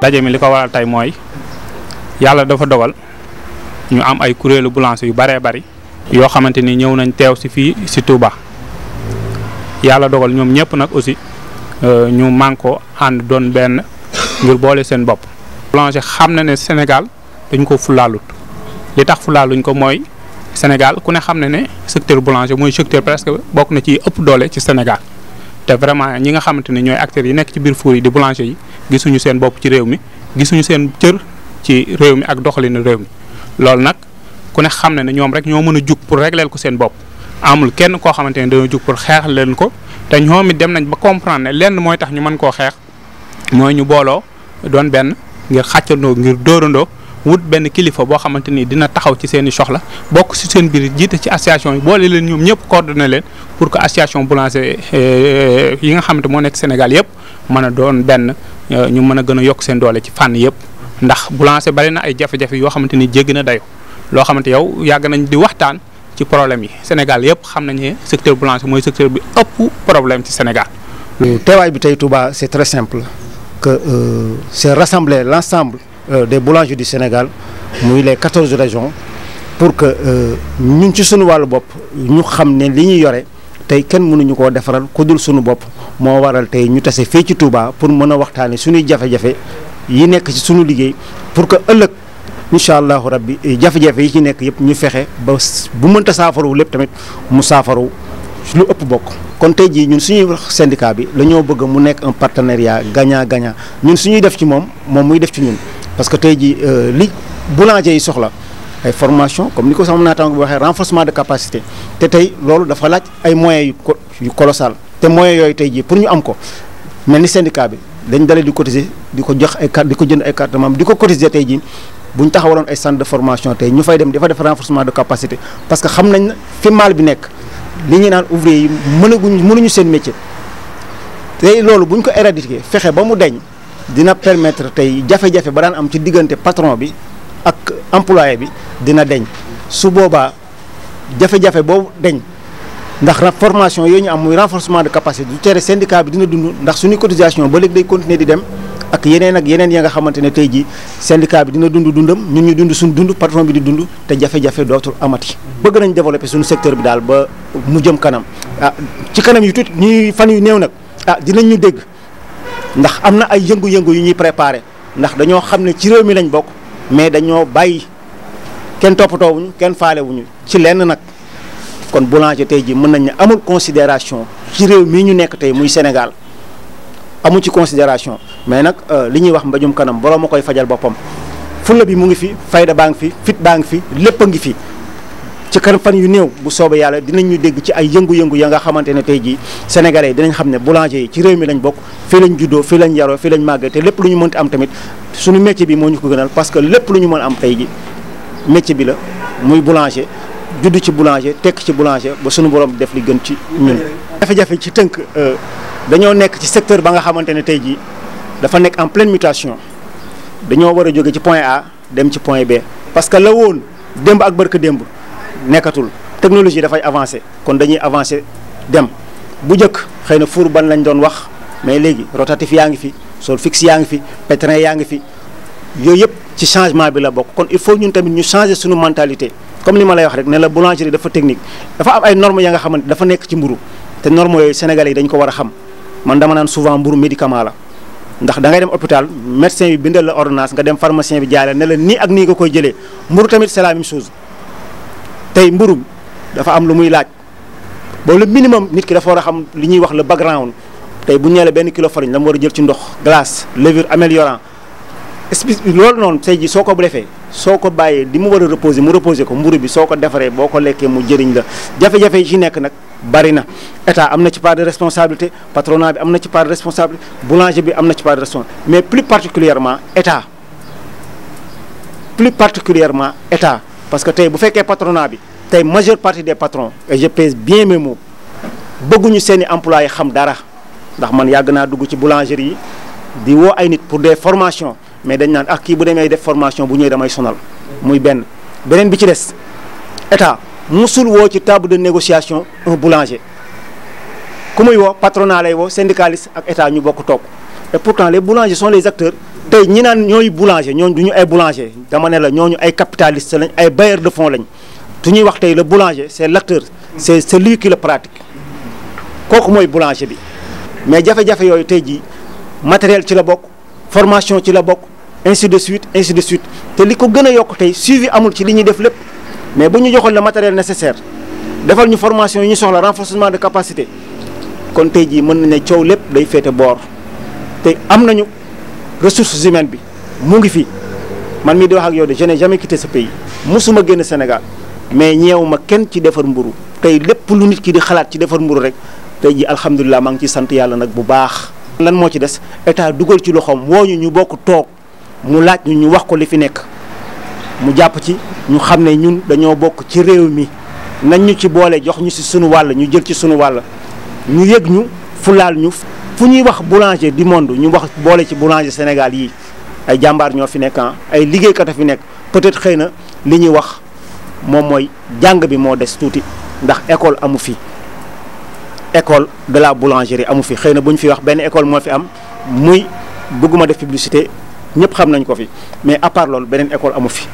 daje mi li ko waral tey mooy yàlla dafa dogal ñu am ay kuréelu ambulance yu baree bari yoo xamante ni ñëw nañ teew si fii si Touba yàlla dogal ñoom ñëpp nag aussi euh, ñu mànkoo ànd doon benn ngir boole seen bopp. boulanger xam na ne Sénégal dañ ko fulaalut li tax fulaaluñ ko mooy Sénégal ku ne xam na ne secteur boulanger mooy secteur presque bokk na ci ëpp doole ci Sénégal te vraiment ñi nga xamante ne ñooy acteurs yi nekk ci biir four yi di boulanger yi. gisuñu seen bopp ci réew mi gisuñu seen cër ci réew mi ak doxalinu réew mi loolu nag ku ne xam na ne ñoom rek ñoo mën a jug pour régleel ko seen bopp amul kenn koo xamante ne dañoo jug pour xeex leen ko te ñoom it dem nañ ba comprendre ne lenn mooy tax ñu man koo xeex mooy ñu booloo doon benn ngir xàccandoo ngir doorandoo wut benn kilifa boo xamante ni dina taxaw ci seen i soxla bokk si seen biir jiite ci association yi boole leen ñoom ñëpp coordonné leen pour que association boulanger eh, eh, yi nga xamante moo nekk Sénégal yëpp mën a doon benn. Euh, ñu mën a gën a yokk seen doole ci fànn yëpp ndax Boulanger bari na ay jafe-jafe yoo xamante ni jéggi na dayo loo xamante yow yàgg nañ di waxtaan ci problème yi Sénégal yëpp xam nañu ne secteur boulanger mooy secteur bi ëpp problème ci Sénégal. Euh, teewaay bi tey Touba c'est très simple que euh, c'est rassembler l'ensemble euh, des boulangers du Sénégal muy les quatorze régions pour que euh, ñun ci sunu wàllu bopp ñu xam ne li ñuy yore tey kenn mënuñu koo defaral ku dul sunu bopp. moo waral tey ñu tase fii ci Touba pour mën a waxtaane suñuy jafe-jafe yi nekk ci suñu liggéey pour que ëllëg incha allahu rabbi jafe-jafe yi ci nekk yëpp ñu fexe ba bu mënta saafaru lépp tamit mu saafaru lu ëpp bokk kon tey jii ñun suñuy wax syndicat bi la ñoo bëgg mu nekk un partenariat gagnant gagnant ñun suñuy def ci moom moom muy def ci ñun parce que tey jii euh, li boulanger yi soxla ay formation comme ni ko sama naataango bi waxee renforcement de capacité te loolu dafa laaj ay moyens yu colossal te moyens yooyu tey jii pour ñu am ko mel ni syndicat bi dañ dalee di cotiser di ko jox ay carte di ko jënd ay carte membre di ko cotiser tey jii bu ñu taxawaloon ay centre de formation tey ñu fay dem dafa def renforcement de capacité parce que xam nañ fi mal bi nekk li ñuy naan ouvrier yi mënaguñ mënuñu seen métier tey loolu bu ñu ko éradiquer fexe ba mu deñ dina permettre tey jafe-jafe ba daan am ci diggante patron bi ak employé bi dina deñ su boobaa jafe boobu deñ ndax formation yooyu ñu am muy renforcement de capacité du tere syndicat bi dina dund ndax suñu cotisation ba léegi day continuer di dem ak yeneen ak yeneen ya nga xamante ne tey jii syndicat bi dina dund dundam ñu ñu dund suñu dund patron bi di dund te jafe-jafe dootul amati. bëgg nañ développer suñu secteur bi daal ba mu jëm kanam ah ci kanam yu tuuti ñuy fan yu néew nag ah dinañ ñu dégg ndax am na ay yëngu-yëngu yu ñuy préparer ndax dañoo xam ne ci réew mi lañ bokk mais dañoo bàyyi kenn toppatoo kenn faale wuñu ci lenn nag. kon boulanger tey jii mën nañ ne amul considération ci réew mii ñu nekk tey muy Sénégal amu ci considération mais nag euh, li ñuy wax mbajum kanam borom a koy fajal boppam fulla bi mu ngi fi fayda baa ngi fi fit baa ngi fi lépp ngi fi ci kanam fan yu néew bu soobee yàlla dinañ ñu dégg ci ay yëngu-yëngu ya nga xamante ne tey jii sénégalais yi dinañ xam ne boulanger yi ci réew mi lañ bokk fii lañ juddoo fii lañ yaroo fii lañ màggee te lépp lu ñu mënti am tamit suñu métier bi moo ñu ko gënal parce que lépp lu ñu mën am tey jii bi la juddu ci boulanger tekk ci boulanger ba sunu borom def li gën ci ñun. jafe-jafe ci tënk euh, dañoo nekk ci secteur ba nga xamante ne tey jii dafa nekk en pleine mutation dañoo war a jóge ci point A dem ci point B parce que la woon démb ak barke démb nekkatul technologie dafay avancer kon dañuy avancer dem bu njëkk xëy na four ban lañ doon wax mais léegi rotatif yaa ngi fi sol fixe yaa ngi fi pétrin yaa ngi fi yooyu yëpp ci changement bi la bokk kon il faut ñun tamit ñu changer suñu mentalité. comme li ma lay wax rek ne la boulangerie dafa technique dafa am ay normes ya nga xamante dafa nekk ci mburu te normes yooyu sénégalais yi dañ ko war a xam man dama naan souvent mburu médicament la ndax da ngay dem hôpital médecin bi bindal la ordonnance nga dem pharmacien bi jaay la ne la nii ak nii nga koy jëlee mburu tamit c'est la chose tey mburu dafa am lu muy laaj boobu le minimum nit ki dafa war a xam li ñuy wax la background tey bu ñu nee la benn kilo farine la mu war a jël ci ndox glace levure améliorant espèce loolu noonu tey ji soo ko defee soo ko bàyyee li mu war a reposer mu reposer ko mburu bi soo ko defaree boo ko lekkee mu jëriñ la jafe-jafe yi ci nekk nag bari na état am na ci part de responsabilité patronat bi am na ci part de responsabilité boulanger bi am na ci part de responsabilité mais plus particulièrement état plus particulièrement état parce que tey bu fekkee patronat bi tey majeure partie des patron et je pèse bien mes mots bëgguñu seen i yi xam dara ndax man yàgg naa dugg ci boulangerie yi di woo ay nit pour des formations mais dañ naan ak ah, kii bu demee def formation bu ñëwee damay sonal muy benn beneen bi ci des état musul woo ci table de négociation un boulanger ku muy woo patronat lay woo syndicaliste ak état ñu bokk toog et pourtant les boulangers sont les acteurs tey ñi naan ñooy boulanger ñooñu du ñu ay boulanger dama ne la ñooñu ay capitaliste lañ ay bailleurs de fonds lañ su ñuy wax tey le boulanger c' est l' acteur c' celui qui le pratique kooku mooy boulanger bi mais jafe yooyu tey jii matériel ci la bokk formation ci la bokk. ainsi de suite ainsi de suite te li ko gën a yokk tey suivi amul ci li ñuy def lépp mais bu ñu joxoon le matériel nécessaire defal ñu formation yi ñu soxla renforcement de capacité kon tey jii mën na ne coow lépp day féete boor te am nañu ressources humaines bi mu ngi fi man mii di wax ak yow de je n'ai jamais quitté ce pays musuma génn Sénégal mais ñeew ma kenn ci defar mburu tey lépp lu nit ki di xalaat ci defar mburu rek tey jii alhamdulilah maa ngi ciy sant yàlla nag bu baax. lan moo ci des état dugal ci loxoom woo ñu bokk toog. mu laaj ñu ñu wax ko li fi nekk mu jàpp ci ñu xam ne ñun dañoo bokk ci réew mi nañ ñu ci boole jox ñu si sunu wàll ñu jël ci sunu wàll ñu yëg ñu fulaal ñu fu ñuy wax boulanger di monde ñu wax boole ci boulanger Sénégal yi ay jàmbaar ñoo fi nekk ay liggéeykat a fi nekk peut-être xëy na li ñuy wax moom mooy jàng bi moo des tuuti ndax école amu fi école de la boulangerie amu fi xëy na bu ñu fi wax benn école moo fi am muy bëgguma def publicité ñëpp xam nañ ko fi mais à part loolu beneen école amu fi